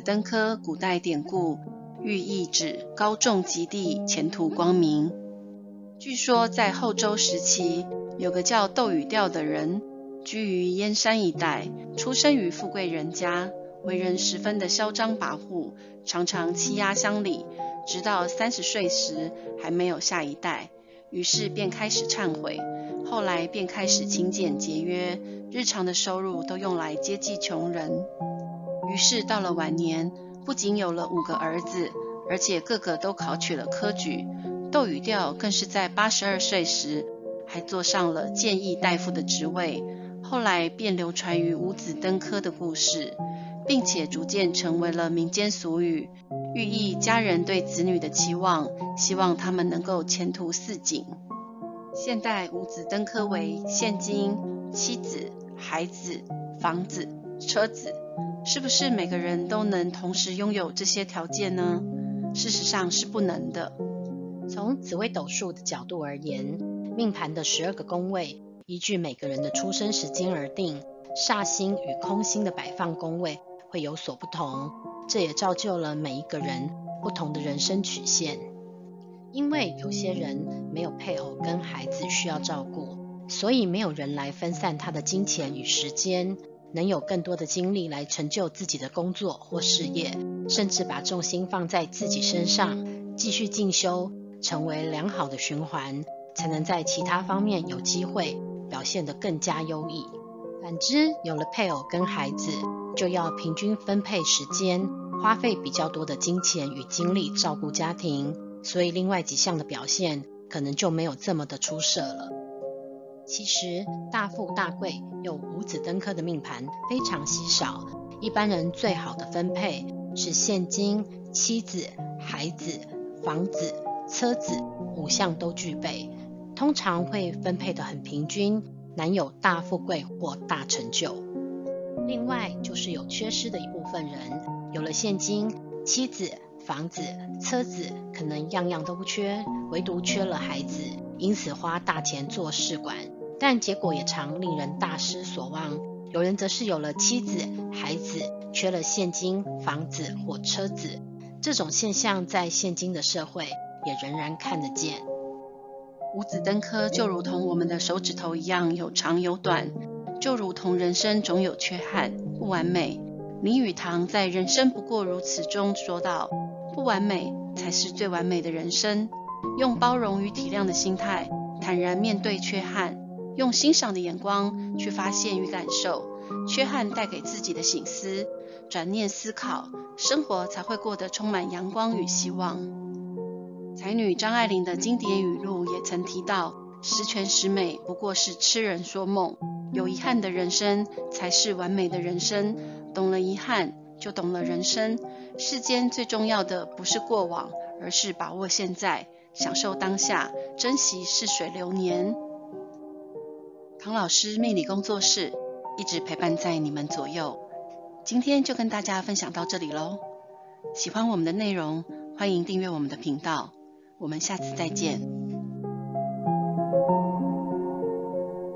.登科古代典故，寓意指高中及第，前途光明。據說在後周時期，有個叫竇禹調的人，居於燕山一帶，出生於富貴人家，為人十分的囂張跋扈，常常欺壓鄉里。直到三十歲時還沒有下一代，於是便開始懺悔，後來便開始勤儉節約，日常的收入都用來接濟窮人。於是到了晚年，不僅有了五個兒子，而且個個都考取了科舉。竇禹調更是在八十二歲時，還坐上了諫議大夫的職位。後來便流傳於五子登科的故事，並且逐漸成為了民間俗語，寓意家人對子女的期望，希望他們能夠前途似錦。現代五子登科為現金、妻子、孩子、房子、車子。是不是每個人都能同時擁有這些條件呢？事實上是不能的。從紫微斗數的角度而言，命盤的十二個宮位依據每個人的出生時間而定，煞星與空星的擺放宮位會有所不同。這也造就了每一個人不同的人生曲線。因為有些人沒有配偶跟孩子需要照顧，所以沒有人來分散他的金錢與時間。能有更多的精力來成就自己的工作或事業，甚至把重心放在自己身上，繼續進修，成為良好的循環，才能在其他方面有機會表現得更加優異。反之，有了配偶跟孩子，就要平均分配時間，花費比較多的金錢與精力照顧家庭，所以另外幾項的表現可能就沒有這麼的出色了。其實大富大貴有五子登科的命盤非常稀少，一般人最好的分配是現金、妻子、孩子、房子、車子五項都具備，通常會分配得很平均，難有大富貴或大成就。另外就是有缺失的一部分人，有了現金、妻子、房子、車子，可能樣樣都不缺，唯獨缺了孩子，因此花大錢做試管。但結果也常令人大失所望，有人則是有了妻子、孩子，缺了現金、房子或車子。這種現象在現今的社會也仍然看得見。五子登科就如同我們的手指頭一樣有長有短，就如同人生總有缺憾、不完美。林語堂在《人生不過如此》中說道：“不完美才是最完美的人生，用包容與體諒的心態，坦然面對缺憾。”用欣賞的眼光去發現與感受缺憾帶給自己的省思，轉念思考，生活才會過得充滿陽光與希望。才女張愛玲的經典語錄也曾提到：“十全十美不過是痴人說夢，有遺憾的人生才是完美的人生。”懂了遺憾，就懂了人生。世間最重要的不是過往，而是把握現在，享受當下，珍惜似水流年。唐老師命理工作室一直陪伴在你們左右，今天就跟大家分享到這裡嘍。喜歡我們的內容，歡迎訂閱我們的頻道。我們下次再見。